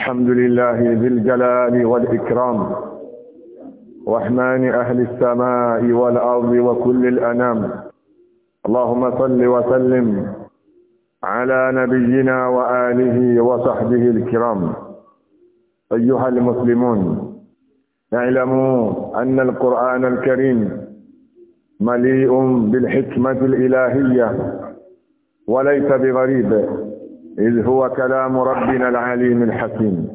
الحمد لله ذي الجلال والإكرام رحمن أهل السماء والأرض وكل الأنام اللهم صل وسلم على نبينا وآله وصحبه الكرام أيها المسلمون اعلموا أن القرآن الكريم مليء بالحكمة الإلهية وليس بغريب إذ هو كلام ربنا العليم الحكيم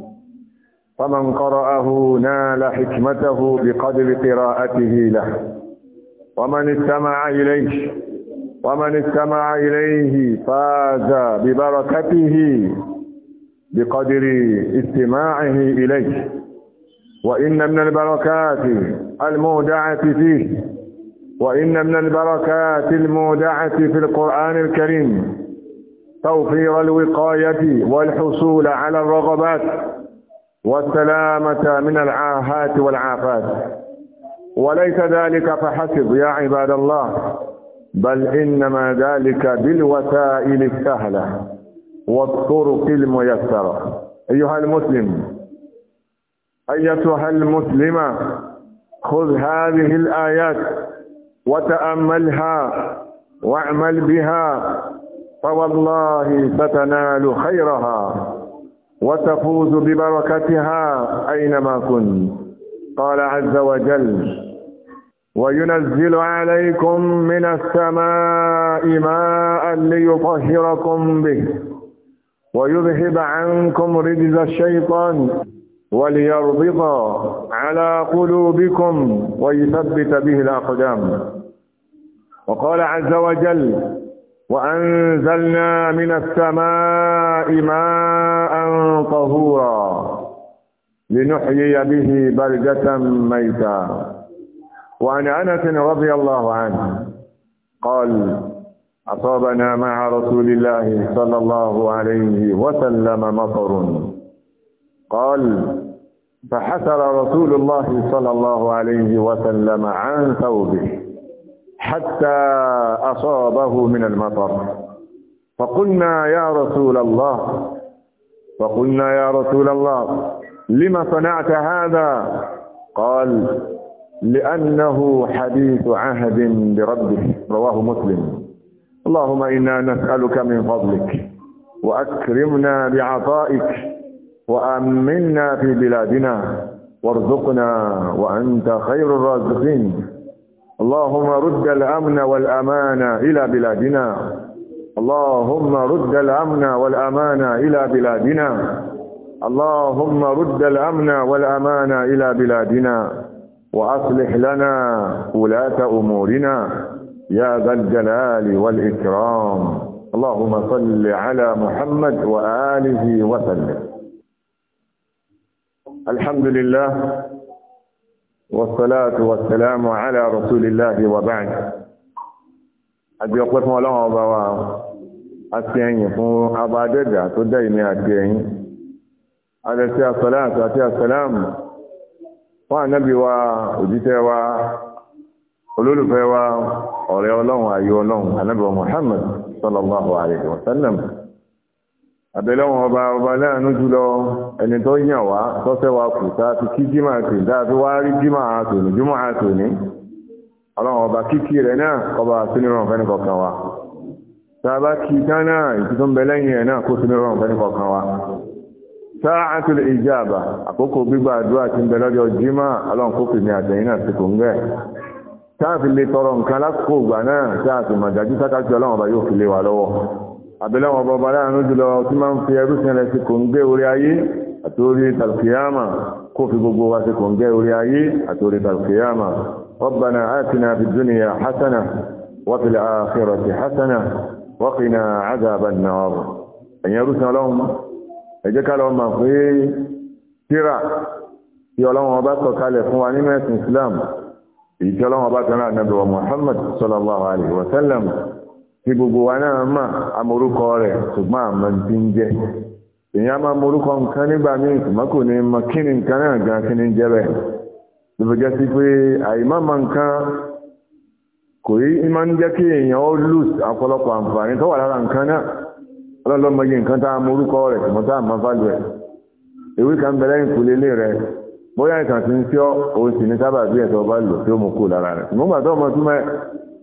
فمن قرأه نال حكمته بقدر قراءته له ومن استمع إليه ومن استمع إليه فاز ببركته بقدر استماعه إليه وإن من البركات المودعة فيه وإن من البركات المودعة في القرآن الكريم توفير الوقاية والحصول على الرغبات والسلامة من العاهات والعافات وليس ذلك فحسب يا عباد الله بل إنما ذلك بالوسائل السهلة والطرق الميسرة أيها المسلم أيتها المسلمة خذ هذه الآيات وتأملها واعمل بها فوالله ستنال خيرها وتفوز ببركتها أينما كنت قال عز وجل وينزل عليكم من السماء ماء ليطهركم به ويذهب عنكم رجز الشيطان وليربط على قلوبكم ويثبت به الأقدام وقال عز وجل وأنزلنا من السماء ماء طهورا لنحيي به بلدة ميتا وعن أنس رضي الله عنه قال أصابنا مع رسول الله صلى الله عليه وسلم مطر قال فحسر رسول الله صلى الله عليه وسلم عن ثوبه حتى أصابه من المطر فقلنا يا رسول الله فقلنا يا رسول الله لما صنعت هذا قال لأنه حديث عهد بربه رواه مسلم اللهم إنا نسألك من فضلك وأكرمنا بعطائك وأمنا في بلادنا وارزقنا وأنت خير الرازقين اللهم رد الأمن والأمان إلى بلادنا اللهم رد الأمن والأمان إلى بلادنا اللهم رد الأمن والأمان إلى بلادنا وأصلح لنا ولاة أمورنا يا ذا الجلال والإكرام اللهم صل على محمد وآله وسلم الحمد لله والصلاة والسلام على رسول الله وبعد àbí ọpẹ́ fún ọlọ́run ọba wa àti ẹ̀yìn fún ọba adẹ́dà tó dá ìní àti ẹ̀yìn adẹ́sí àsọ́láàtì àti àsọ́láàmù fún ànábì wa òjíṣẹ́ wa olólùfẹ́ wa ọ̀rẹ́ ọlọ́run ayé ọlọ́run àbẹ̀lẹ́wọ̀n ọba ọba láàánú jùlọ ẹni tó yàn wá tọ́sẹ̀ wa kù tá ti kí jímà tè dáa tó wá rí jímà àtòní jímà àtòní ọlọ́run ọba kíkí rẹ̀ náà ọba sínúrọ̀n fẹ́ni kọ̀ọ̀kan wa sábà kí dáná ìtútún bẹ̀lẹ́yìn rẹ̀ náà kó sínúrọ̀n fẹ́ni kọ̀ọ̀kan wa sáàtùl ìjàbà àkókò gbígbà àbẹ́lẹ́wọ̀n bọba láàrin jùlọ tí máa ń fi ẹrú sẹ́lẹ̀ sí kò ń gé orí ayé àti orí tàlkìyàmà kó fi gbogbo wa sí kò ń gé orí ayé àti orí tàlkìyàmà ọ̀bànà àtìnà fi dúnìyà hasana wọ́pìlẹ̀ àfẹ́rọ̀tì hasana wọ́pìnà àgàbànà ọ̀rọ̀ gbogbo wa náà mà amorúkọ rẹ̀ ṣùgbọ́n àmọ́ ti ń jẹ́ èèyàn máa morúkọ nǹkan nígbà míì ṣùgbọ́n kò ní mọ kí ni nǹkan náà gan kí ni jẹ́ bẹ́ẹ̀ ló fi jẹ́ sí pé nǹkan kò ń jẹ́ kí èèyàn ó ọ̀pọ̀lọpọ̀ àǹfààní tó wà lára nǹkan náà nǹkan tá a morúkọ rẹ̀ ṣùgbọ́n tá a máa fàlù ẹ̀ èwe kan bẹ lẹ́yìn kò bóyá ìtàn ti ń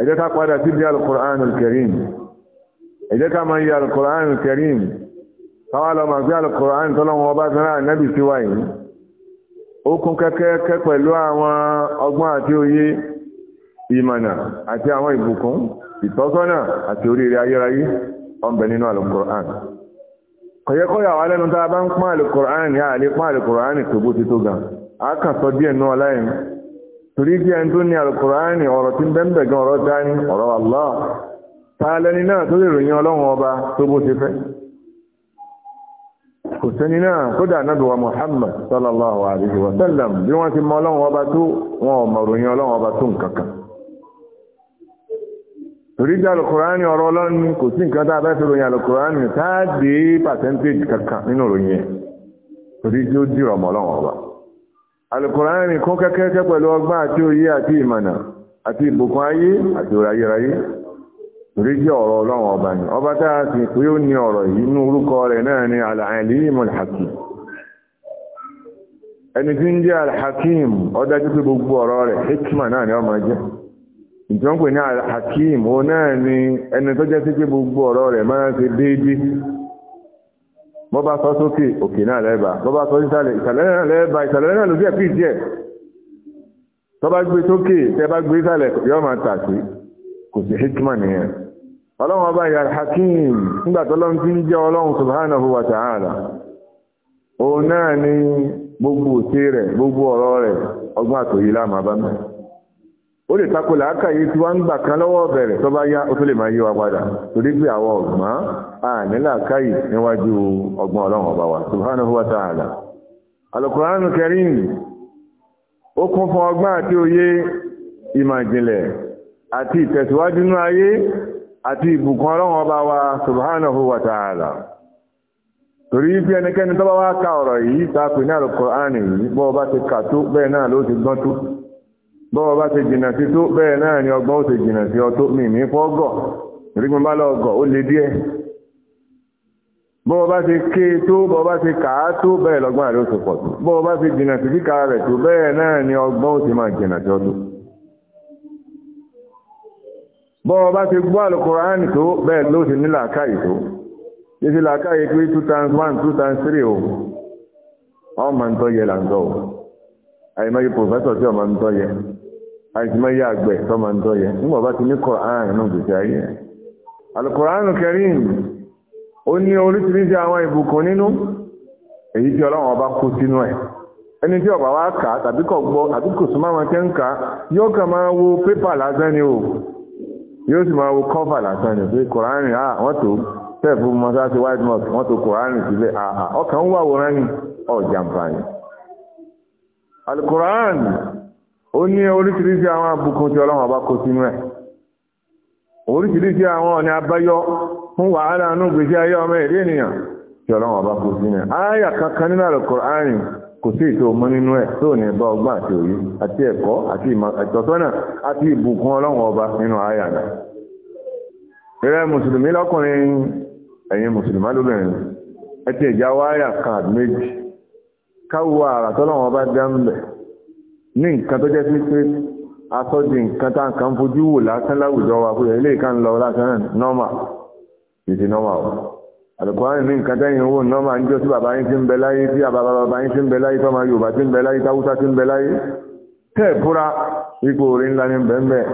ẹ jẹ́ ká padà sí bí alukùránù kẹrìm ẹ jẹ́ alukùránù kẹrìm káwà lọ ọba nẹ́bì sí wáyé ó kún kẹ́kẹ́kẹ́ pẹ̀lú àwọn ọgbọ́n àti òye ìmọ̀nà àti àwọn ìbùkún ìtọ́sọ́nà àti oríire ayérayé ọ̀nbẹ nínú alukùránù kọ̀yẹ́kọ́yà wà lẹ́nu ń àlè tó bó ti tó a torí kí ẹni tó ní alukùránì ọ̀rọ̀ tí ń bẹ́ẹ̀ gan ọ̀rọ̀ ta ní ọ̀rọ̀ Allah ta lẹni náà tó lè ròyìn ọlọ́run ọba tó bó ti fẹ́ kò sẹ́ni náà kódà náà wa Muhammad sallallahu alaihi wa sallam bí wọ́n ti mọ ọlọ́run ọba tó wọn ò mọ̀ ròyìn ọlọ́run ọba alùkùránì kún kẹ́kẹ́kẹ́ pẹ̀lú ọgbá àti òye àti ìmànà àti ìbùkún ayé àti òrayérayé jẹ́ ọ̀rọ̀ ọlọ́run ọba ni ọba táà sì pé ó ní ọ̀rọ̀ yìí ní orúkọ rẹ̀ náà ni al ẹni tí ń jẹ́ rẹ̀ al-Hakim bọ́ bá sọ sókè òkè náà lẹ́ẹ̀bà bọ́ bá sọ sísàlẹ̀ ìsàlẹ̀ náà lẹ́ẹ̀bà ìsàlẹ̀ náà ló bí ẹ̀pì tọ́ bá gbé sókè tẹ́ bá gbé yọ́ máa kò sí nìyẹn ọlọ́run ọba ìyá hakim nígbà tó ti ń jẹ́ ọlọ́run subhanahu wa ta'ala òun náà gbogbo rẹ̀ gbogbo ọ̀rọ̀ rẹ̀ ọgbọ́n àtòyí láàmà bá mẹ́rin ó lè takò làákàyè tí wọ́n ń gbà kan lọ́wọ́ bẹ̀rẹ̀ tó bá yá ó tó lè máa yí wa padà torí pé àwọn ọ̀gbọ́n àní làákàyè níwájú ọgbọ́n ọlọ́run ọba wa subhanahu wa ta'ala alukuranu karim ó kún fún ọgbọ́n àti òye ìmàjìnlẹ̀ àti ìtẹ̀síwájú ní ayé àti ìbùkún ọlọ́run ọba wa subhanahu wa ta'ala torí bí ẹnikẹ́ni tó bá wá ka ọ̀rọ̀ yìí ta pè ní alukuranu yìí bọ́ ọba ti kà tó bẹ́ẹ̀ náà ló ti gbọ́n tó bọ́ọ̀ bá ti jìnà sí tó bẹ́ẹ̀ náà ni ọgbọ́n ó ti jìnà sí ọtọ́ mi ní fọ́gọ̀ rígbọ́n bá lọ́gọ̀ ó lè díẹ̀ bọ́ọ̀ bá ti ké tó bọ́ọ̀ bá ti kàá tó bẹ́ẹ̀ lọ́gbọ́n rẹ̀ ó ti pọ̀ tó bọ́ọ̀ bá ti jìnà sí kíkà rẹ̀ tó bẹ́ẹ̀ náà ni ọgbọ́n ó ti máa jìnà sí ọtọ́ bọ́ọ̀ bá ti gbọ́ àlùkùránì tó bẹ́ẹ̀ ló ti ní làákàyè tó yíṣẹ́ o ọmọ o àyè àìsímọ́ Agbe àgbẹ̀ tọ́mà ti ní ayé kẹrin oríṣiríṣi àwọn ìbùkún nínú èyí tí ọba kú sínú ẹ̀ ẹni tí ọba kà tàbí gbọ́ kò súnmọ́ àwọn tẹ́ ń kà yóò máa wo pépà lásán ni o yóò sì máa wo kọ́fà lásán ni pé wọ́n tó white mosque wọ́n tó sílẹ̀ àhà ọkàn wà ó ní oríṣiríṣi àwọn àbùkún tí ọlọ́run ọba oríṣiríṣi àwọn ọ̀nà fún wàhálà ayé ọmọ èdè ènìyàn tí ọlọ́run ọba kó sínú ẹ̀ ááyà kankan nínú Al-Kùránì kò sí ètò ọmọ nínú ẹ̀ tó ní bá ọgbọ́n àti òye àti ẹ̀kọ́ àti ìtọ́sọ́nà àti ọba nínú ááyà náà ìrẹ́ mùsùlùmí lọ́kùnrin ẹ̀yin mùsùlùmí lóbìnrin ẹ ti ìjà wáyà kan àti ọba dá ní nǹkan tó jẹ́ sí pé asọ́dì nǹkan tá nǹkan fojú wò lásán láwùjọ wa pé ilé ìkan lọ lásán nọ́mà ìdí nọ́mà o àlùkòrán ní nǹkan tẹ́yìn owó nọ́mà ń jọ sí bàbá yín tí ń bẹ láyé tí àbàbà bàbá yín tí ń bẹ láyé tọ́mà Yorùbá tí ń bẹ láyé táwúsá tí ń bẹ láyé tẹ́ búra ipò orí ńlá ní bẹ́ẹ̀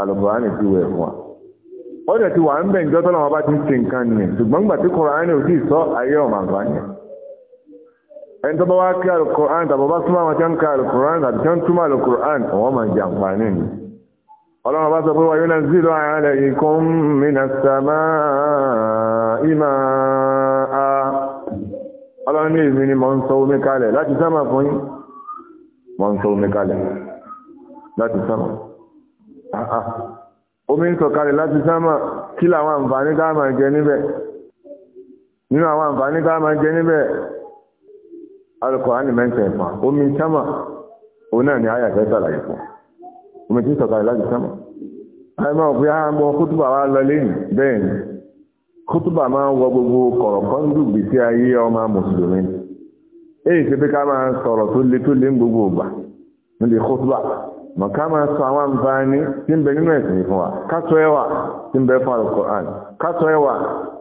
àlùkòrán ní ti wẹ̀ fún wa ó dẹ̀ ti wà ń bẹ̀ ń jọ́ tọ́lọ́mọba ti ń ṣe nǹkan ẹni tó bá wá kí alukur'an tàbí bá súnmọ́ àwọn tí ń ka alukur'an tàbí tí ń túmọ̀ alukur'an àwọn máa jẹ àǹfààní ni ọlọ́run bá sọ pé wa yunazzilu alaykum minas samaa'i ma'a ọlọ́run ní èmi ni mò ń sọ omi kalẹ̀ láti sámà fún yín mò omi kalẹ̀ láti sámà omi ń sọ kalẹ̀ láti sámà kí làwọn àǹfààní ká máa máa jẹ níbẹ̀ alukọ̀ránì mẹ́ta ẹ̀fà omi sámà òun náà ni àyà fẹ́ sàlàyé fún omi tí sọ̀kalẹ̀ láti sámà àìmọ́ òfin àmọ́ kútùbà wa lọ lẹ́yìn bẹ́ẹ̀ ni kútùbà máa ń wọ gbogbo kọ̀rọ̀kọ́ndù gbèsè ayé ọmọ mùsùlùmí èyí ṣe pé ká máa sọ̀rọ̀ tó le tó le ń gbogbo ògbà níbi kútùbà mọ̀ ká máa sọ àwọn àǹfààní tí ń bẹ nínú ẹ̀sìn fún wa kásọ ẹwà tí ń bẹ fún alukọ̀ránì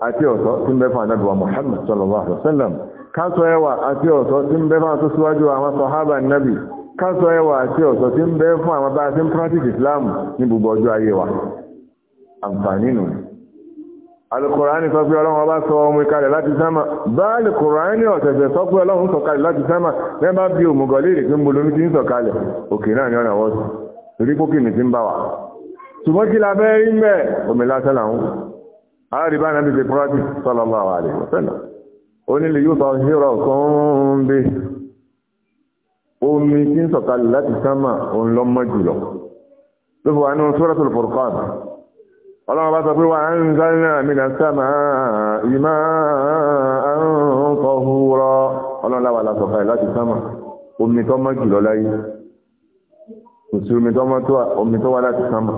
àti ọ̀tọ̀ tí ń bẹ fún anábìwá Muhammad sallallahu alaihi wa sallam ka ẹwà àti ọ̀sọ́ tí ń bẹ fún àtó síwájú àwọn sọ̀hábà nábì kásọ ẹwà àti ọ̀sọ́ tí ń bẹ fún àwọn bá ti ń islam ní gbogbo ọjọ́ ayé wa àǹfààní nù alukùránì sọ pé ọlọ́run ọba sọ ọmọ ìkalẹ̀ láti sámà bá ọ̀sẹ̀sẹ̀ sọ pé ọlọ́run sọ̀kalẹ̀ láti sámà mẹ́bàá bí òmùgọ̀ léèrè pé ń òkè náà ni ọ̀nà wọ́sùn torí pókè mi ti ń ṣùgbọ́n kí la fẹ́ rí mẹ́ omi lásán làwọn onílé yóò tọ́ hírọ̀ kan bí omi tí ń sọ̀kalẹ̀ láti sánmà òun lọ mọ́ jùlọ ló fi wà nínú Suratul Furqan ọlọ́run bá sọ pé wa anzalna minas samaa'i ma'an tahura ọlọ́run láwà la sọ̀kalẹ̀ láti sánmà omi tó mọ́ jùlọ láyé kò sí omi tó mọ́ tó omi tó wá láti sánmà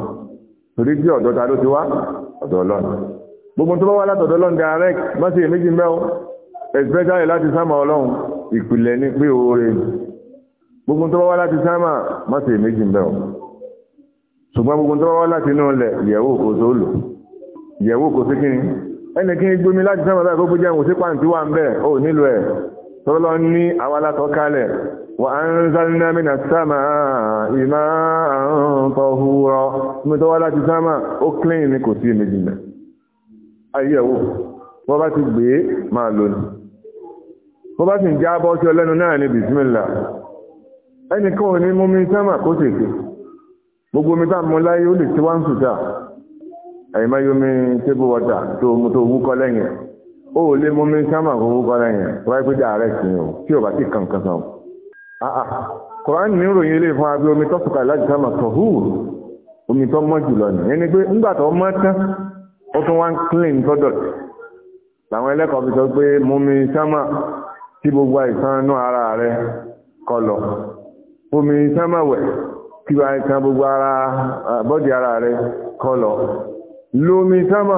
torí bí ọ̀dọ́ta ló ti wá ọ̀dọ̀ ọlọ́run gbogbo tó bá wá látọ̀dọ̀ ọlọ́run especially láti sámà ọlọ́run ìpìlẹ̀ ní pé oore gbogbo tó bá wá láti sámà má ṣe méjì ń bẹ̀ ọ́ ṣùgbọ́n gbogbo tó bá wá láti inú ilẹ̀ ìyẹ̀wò kò tó lò ìyẹ̀wò kò sí kíni ẹnì kí ni gbomi láti sámà báyìí gbogbo jẹun sí pàǹtí wà ń bẹ̀ ó nílò ẹ̀ tọ́lọ́ ní àwa látọ̀ kalẹ̀ wà á ń sálínà mí náà sámà ìmá àrùn tọ̀húrọ̀ mi tó wá clean ni kò sí méjì náà ayẹ̀wò wọ́n bá ti gbé máa lónìí bó bá sì ń já bọ́ sí ọlẹ́nu náà ní bìsímìlà ẹnìkan ò ní mú mi sẹ́mà kó sì ké gbogbo omi tá mú láyé ó lè tí wọ́n ń sùtà ẹ̀yìn máa yomi tébù wọ́tà tó mú tó wúkọ́ lẹ́yìn ó lè mú mi sẹ́mà kó wúkọ́ lẹ́yìn wáyé pé dàrẹ́ sí o tí ò bá sì kàn kan sàn. Koran ní ròyìn ilé fún abẹ́ omi tó sùkà láti sẹ́mà tọ̀húrù omi tó mọ́ jùlọ nì ẹni pé ńgbà ń clean ẹlẹ́kọ̀ọ́ fi sọ pé mú mi sẹ́mà tí gbogbo àìsàn inú ara rẹ kọlọ̀ omi sámàwẹ̀ kí àìsàn gbogbo ara bọ́dì ara rẹ kọlọ̀ lómi sámà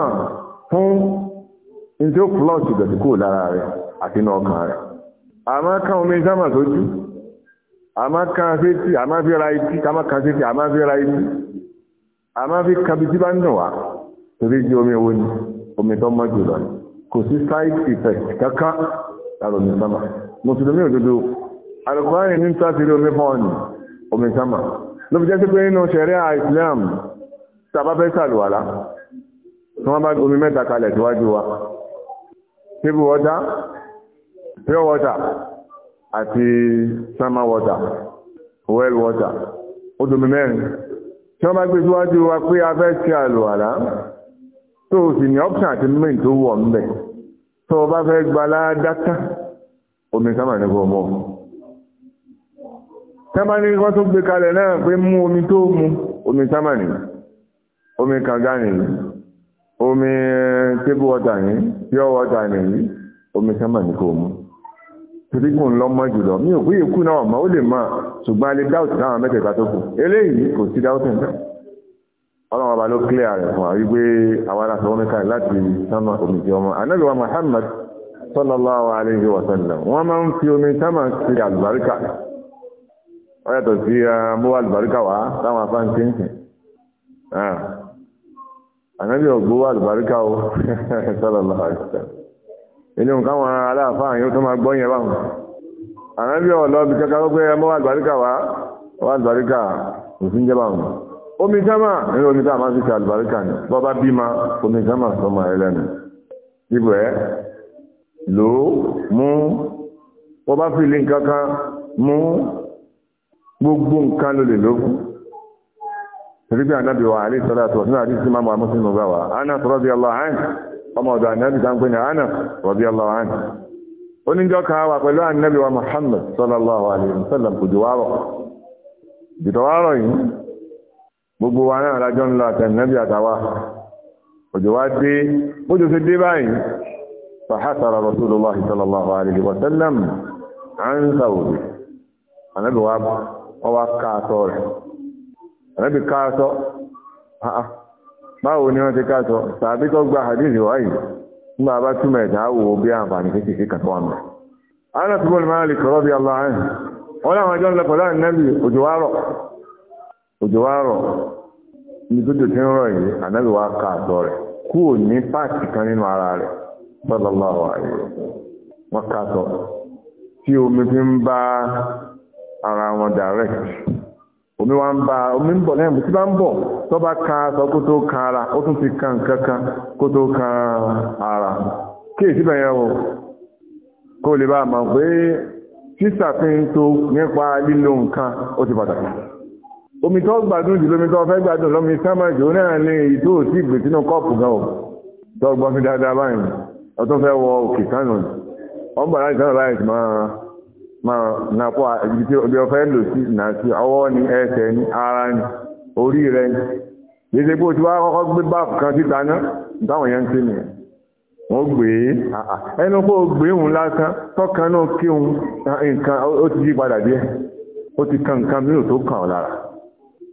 fún ní tí ó plọ́ọ̀tì ìdọ̀tí kúrò lára rẹ àti inú ọkàn rẹ àmá ká omi sámà sójú àmá ká sétí àmá fi ra etí àmá ká sétí àmá fi ra etí àmá fi kabi tí bá ń dùn wá torí di omi owó ni omi tó mọ́ jùlọ kò sí side effect kankan lára omi sámà mùsùlùmí òdodo alùpùpù ní sátìrí omi pọ́ọ̀nì omi sámà ló fi jẹ́ sí pé nínú ṣẹ̀ríà Islam tàbá fẹ́ sàlùwàlá tí wọ́n bá omi mẹ́ta kalẹ̀ síwájú wa table water pure water àti summer water well water ó domi mẹ́rin tí wọ́n bá gbé síwájú wa pé a fẹ́ sí àlùwàlá tó sì ní option àti main tó wọ̀ ń bẹ̀ tó bá fẹ́ gbalá dátá omi ká máa nígbà ọmọ tẹ́bá ní wọ́n tó gbé kalẹ̀ náà pé mú omi tó mú omi sámà ní omi kànga ní omi eh, tébù wọ́ta ní pure wọ́ta ní omi sámà ní kò mú tìrígùn lọ́mọ jùlọ mi ò pé ikú náà mọ́ ó lè máa ṣùgbọ́n a lè dáùtì láwọn mẹ́tẹ̀ẹ̀ta tó kù eléyìí kò sí dáùtì náà ọlọ́run ọba ló clear rẹ̀ fún wa wípé àwọn aláṣọ omi kan láti sánmà omi tí ọmọ anábì Muhammad sallallahu alayhi wa sallam wọ́n máa ń fi omi sánmà sí àlùbáríkà ó yàtọ̀ sí mú àlùbáríkà wá táwọn afáǹkì ń sìn ànábì ọ̀gbó àlùbáríkà ó sallallahu alayhi wa sallam ilé nǹkan àwọn aláàfáà yóò tó máa gbọ́ yẹn báwọn ànábì ọ̀lọ́bi kankan ó pé mú àlùbáríkà wá wá àlùbáríkà òfin jẹ́ omi jama nínú omi jama fi ṣe àlùbáríkà ni bọ́bá bímá omi jama sọmọ ẹlẹ́nu ibò ẹ lò ó mú bọ́bá fi lè nǹkan kan mú gbogbo nǹkan ló lè lókun torípé ànábì wa àlè sọ́lá tó sínú àdí sí máma mọ́sílùmù bá wa ana rọ́bí ọlọ́ àán ọmọ ọ̀dọ̀ ànábì tá ń pè ní ana rọ́bí ọlọ́ àán oníjọ́ kan wà pẹ̀lú ànábì wa Muhammad sallallahu alaihi wasallam kò jù wárọ̀ jùtọ̀ wárọ̀ yìí gbogbo wa náà lájọ́ ńlá àtẹ̀nẹ́bí àtàwà òjò wá dé bójú sí dé báyìí fàhásàrà rasulullahi sallallahu alaihi wasallam an saudi anábi wa wá káàtọ́ rẹ̀ anábi káàtọ́ báwo ni wọ́n ti káàtọ́ tàbí tó gba hadithi wáyìí nígbà bá túmọ̀ ẹ̀dá wò bí àǹfààní kékeré òjò wá rọ̀ ní tó jò ń rọ̀ yìí ka rẹ̀ kúrò ní páàkì kan nínú ara rẹ̀ sallallahu alaihi wọ́n ká àtọ̀ tí omi fi ń ara wọn direct omi wá ń bá omi ń bọ̀ lẹ́yìn tí bá ń bọ̀ tó ka aṣọ kó ka ara ó tún ka nǹkan kan ara bẹ̀yẹn o kó lè bá a mọ̀ pé sísàfihàn tó nípa lílo nǹkan ó ti omi tó gbádùn jù lómi tó fẹ́ gbádùn lómi sámàjò náà ní èyí tó sì gbè sínú gan ọ̀ tó gbọ́n fi dáadáa báyìí ọtọ́ fẹ́ wọ òkè kánò ọmọ bàrá láìsí máa nàpọ̀ ibi tí ọbẹ̀ ọfẹ́ lò sí ọwọ́ ni ẹsẹ̀ ni ara ni orí gbèsè pé o ti wá kọ́kọ́ gbé kan táwọn yẹn ń wọ́n gbé e. ẹnu gbé òun lásán tọ́kan náà kí òun nǹkan ó ti yí padà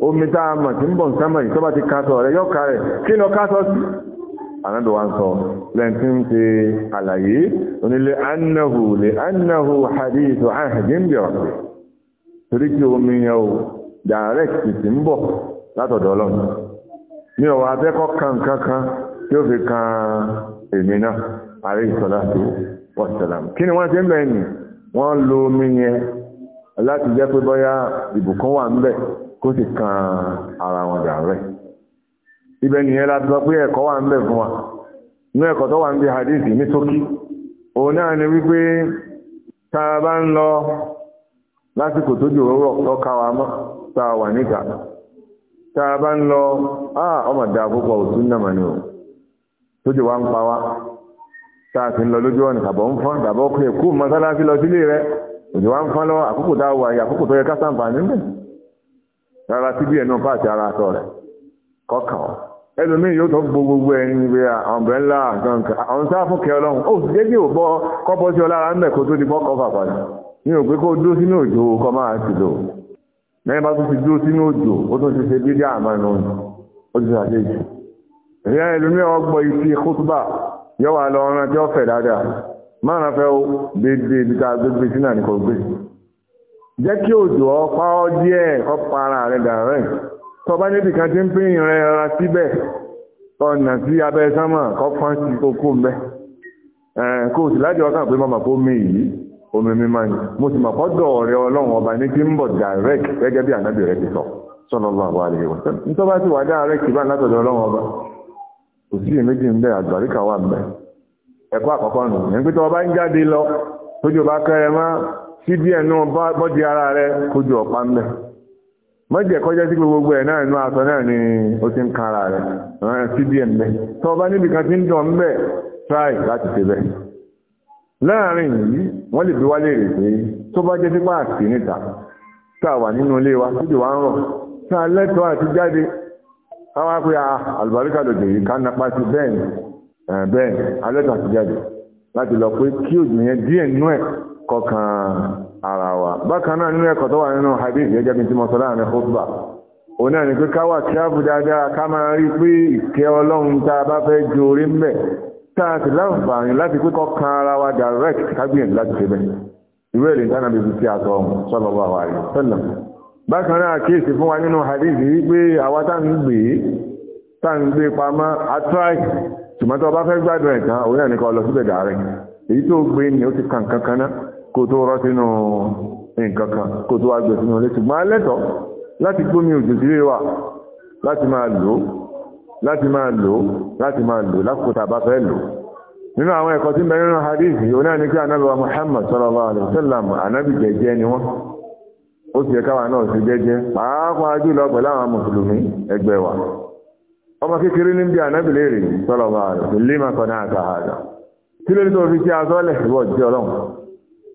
omi tá a mọ̀ tí ń bọ̀ ń sámọ̀ yìí tó bá ti kásọ̀ rẹ̀ yọ́ ká rẹ̀ kí lọ kásọ̀ sí ànádọ̀ wa ń sọ lẹ́ntí ń ṣe àlàyé onílé annahu lè annahu hadithu ahadin bi rabbi torí kí omi yẹn o direct ti ń bọ̀ látọ̀dọ̀ ọlọ́run mi ò wá abẹ́kọ̀ tí ó fi kan èmi náà àrí ìsọ̀lá tó kí ni wọ́n ti ń bẹ̀ ni wọ́n lo omi yẹn láti jẹ́ pé bọ́yá ìbùkún wà ń bẹ̀ kó sì kan ara wọn dà rẹ̀ ibẹ̀ nìyẹn láti sọ pé ẹ̀kọ́ wà ń bẹ̀ fún wa inú ẹ̀kọ́ tó wà ń bí hadith ní tókí òun náà ni wípé tá a bá ń lọ lásìkò tó jù rọ̀ tọ́ka wa mọ́ tá a wà níta tá a bá ń lọ ah, ọmọ dà púpọ̀ òtún náà mà ní o tó jù wá ń pa wá tá a ti ń lọ lójú ọ̀nà tàbọ̀ ń fọ́n tàbọ̀ kú mọ́sálásí lọ sílé rẹ̀ òjò wá ń fọ́n lọ àkókò tá a wà yìí àkókò tó yẹ ká sàǹfà rárá síbí ẹ̀ náà pàṣẹ ara sọ rẹ̀ kọ́kàn ọ́ ẹlòmíì yóò tó gbogbo ẹni wí ọ̀bẹ ńlá nǹkan ọ̀n sá fún kẹ ọlọ́run ó sì jẹ́jẹ́ ò bọ́ kọ́bọ́ sí ọlára ń bẹ̀ kó tó di bọ́ kọ́fà padà ní òpé kó dúró sínú òjò kọ́ máa ti lò lẹ́yìn bá tó ti dúró sínú òjò ó tó ti ṣe bí dí àmánu ó ti ṣàṣe jù ìyá ẹlòmíì ọgbọ ifi kútúbà yọ wà lọ ọ̀ràn tí ó fẹ̀ dáadáa máa fẹ́ ó déédéé ibi tá a jẹ́ kí òjò ọpá ọ díẹ̀ ọpa ara rẹ̀ tó bá níbi kan tí ń pín ìrìn síbẹ̀ ọ̀nà sí abẹ́ kọ́ sí o sì láti ọkàn pé kó mi yìí omi mi máa mo sì ọba ní kí ń bọ̀ direct gẹ́gẹ́ bí ànábì rẹ̀ ti sọ sọ́nà ọba àwọn àlejò wọn nítorí bá ti wà látọ̀dọ̀ ọlọ́run ọba kò sí èméjì ń bẹ àgbàríkà wà ń bẹ ẹ̀kọ́ àkọ́kọ́ nù ẹni pé tí wọ́n bá ń jáde lọ tójú bá máa tí díẹ̀ náà bọ́dí ara rẹ̀ kójú ọ̀pá ń bẹ̀ mọ́jẹ̀ kọjá sí gbogbo ẹ̀ náà inú aṣọ náà ni ó ti ń kan ara rẹ̀ ọ̀rẹ́ tí díẹ̀ ń bẹ̀ tó bá níbi kan ti ń dọ̀ ń bẹ̀ try láti ṣe bẹ́ẹ̀ láàrin yìí wọ́n lè fi wálé rè pé tó bá jẹ́ sípà sí níta tá a wà nínú ilé wa tójú wa ń rọ̀ tá a lẹ́tọ̀ọ́ àti jáde káwá pé ah, àlùbáríkà lòdì yìí ká napá sí bẹ́ẹ̀ bẹ́ẹ̀ alẹ́tọ̀ọ́ àti jáde láti lọ pé kí òjò yẹn díẹ̀ nú ẹ̀ kọkàn ara wa bákan náà nínú ẹ̀kọ́ tó wà nínú hadith gẹ́gẹ́ bí tí mo sọ láàrin khutba òun náà ni pé ká wà kíáàbù dáadáa ká máa rí pé ìkẹ́ ọlọ́run tá a bá fẹ́ ju orí ń bẹ̀ tá a sì láǹfààní láti pé kọkàn ara wa direct kágbìyànjú láti ṣe bẹ́ẹ̀ ìwé ìrìn tánà bíbi tí a sọ ọ̀hún sallallahu alaihi wasallam bákan náà kíyèsí fún wa nínú hadith yìí pé àwa tá ń gbé tá ń gbé pamọ́ atrai tòmọ́tò ọba fẹ́ gbádùn ẹ̀ tán òun náà ni kọ́ lọ síbẹ̀ dàárẹ̀ èyí tó gbé ni ó ti kàn kankan náà kò tó rọ́ sínú nǹkan kò tó wá sínú ṣùgbọ́n alẹ́tọ̀ láti wa láti máa lò láti máa lò láti máa lò lásìkò tàbá fẹ́ lò nínú àwọn ẹ̀kọ́ tí bẹ̀rẹ̀ nínú hadith yóò náà anábíwa Muhammad sallallahu alaihi anábì jẹ́jẹ́ ni wọ́n ó sì ẹ̀káwà náà sí jẹ́jẹ́ pàápàá jùlọ pẹ̀lú àwọn mùsùlùmí ẹgbẹ́ wa ọmọ kékeré ní bí anábì léèrè sallallahu alaihi wasallam lima kọ́nà àtàhàdà kí ló ní tó fi ṣe asọ́lẹ̀ ọlọ́run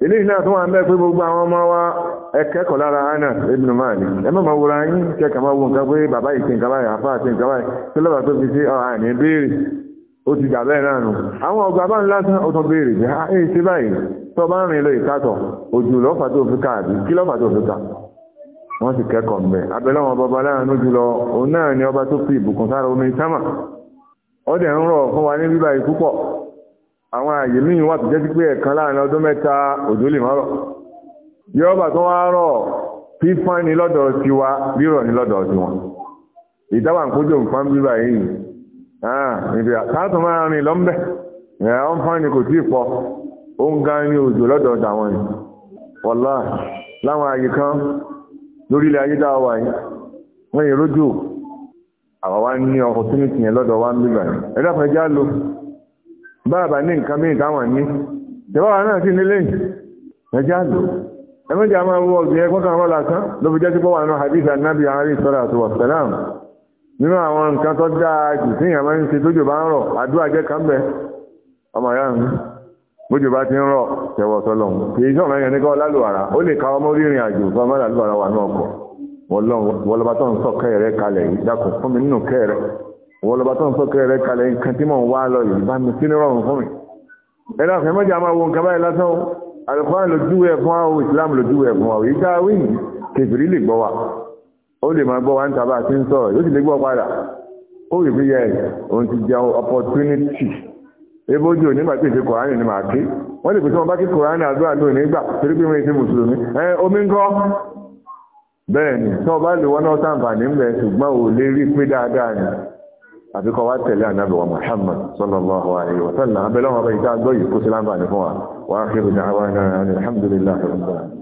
ilé na tó wà ń bẹ́ pé gbogbo àwọn ọmọ wa ẹ̀kẹ́kọ̀ọ́ lára Anas ibn Malik ẹ mọ̀ wúra yín kẹkà máa wo nǹkan pé bàbá yìí ti nǹkan báyìí àfáà ti nǹkan báyìí tó lọ́wọ́ tó fi sí ah, àní béèrè ó ti jà bẹ́ẹ̀ náà nù àwọn bá ó béèrè bí a ah, èyí sí báyìí tó bá ń rìn lọ òjò lọ́fà tó fi ká àbí kí lọ́fà tó fi ká wọ́n sì kẹ́kọ̀ọ́ àwọn àyè míì wà tó jẹ́ sí pé ẹ̀kan láàrin ọdún mẹ́ta òjò lè mọ́rọ̀ yóò bà tó wá rọ̀ fífán ni lọ́dọ̀ sí wa rírọ̀ ni lọ́dọ̀ sí wọn ìdáwà ń kójò nǹkan bíbà yìí níbi ah, àtàtùn máa rìn lọ́mbẹ̀ ẹ̀họ́n fán ni kò tí ì pọ̀ ó ń ga ní òjò lọ́dọ̀ tàwọn yìí wọ́lá láwọn àyè kan lórílẹ̀ ayé dáa wà yìí wọ́n yìí rójò àwa wá ní opportunity yẹn lọ́dọ̀ wa ń bíbà yìí ẹ̀dá báàbà ní nǹkan bí nǹkan wà ní ìjọba náà sí nílé ẹjá lò ẹmẹ́jà máa wọ ọ̀gbìn ẹgbọ́n kan wọ́n lásán ló fi jẹ́ sí pọ́wà náà hadith annabi alayhi salatu wa salam nínú àwọn nǹkan tó dáa jù tí ìyàmọ́ ń ṣe tójò bá ń rọ̀ àdúrà jẹ́ kan bẹ ọmọ ìyá mi bójò bá ti ń rọ̀ tẹ̀wọ̀ sọlọ́n kì í sọ̀rọ̀ yẹn ní kọ́ lálùwàrà ó lè ka ọmọ rírìn àjò fún ọmọ lálùwàrà wà ní ọkọ̀ wọ́lọ́ba tó ń sọ kẹ́ẹ̀rẹ́ kalẹ̀ ìdákùn fún mi nínú kẹ́ẹ̀rẹ́ wọ́n lọ́ba tó ń fọ́kẹ́ rẹ̀ kalẹ̀ nǹkan tí mò ń wá lọ yìí bá mi sí ní rọrùn fún mi ẹ̀rọ àfẹ́ mọ́jà máa wo nǹkan báyìí lásán alùpùpù lójú ẹ̀ fún àwọn ìsìlámù lójú ẹ̀ fún àwọn ìta wíìn kẹfìrí lè gbọ́ wa ó lè máa gbọ́ wa ń tàbá àti ń sọ̀rọ̀ yóò sì lè gbọ́ padà ó rí bí yẹ òun ti jẹ opportunity ebójú ò nígbà tí èsì kòránì ni màá ké wọ́n lè pèsè wọn bá kí kòránì àdúrà lóò nígbà torí pé wọ́n ti mùsùlùmí ẹ omi ń bẹ́ẹ̀ ni tó bá lè wọ́n náà sàǹfààní ń bẹ̀ ṣùgbọ́n ò lè rí pé dáadáa ni àti kọ́ wá tẹ̀lé ànábì wa Muhammad sallallahu alayhi wa sallam abẹ́lẹ́wọ̀n ọba ìta gbọ́ yìí kó sí láǹfààní fún wa wa akhiru da'wana alhamdulillahi rabbil alamin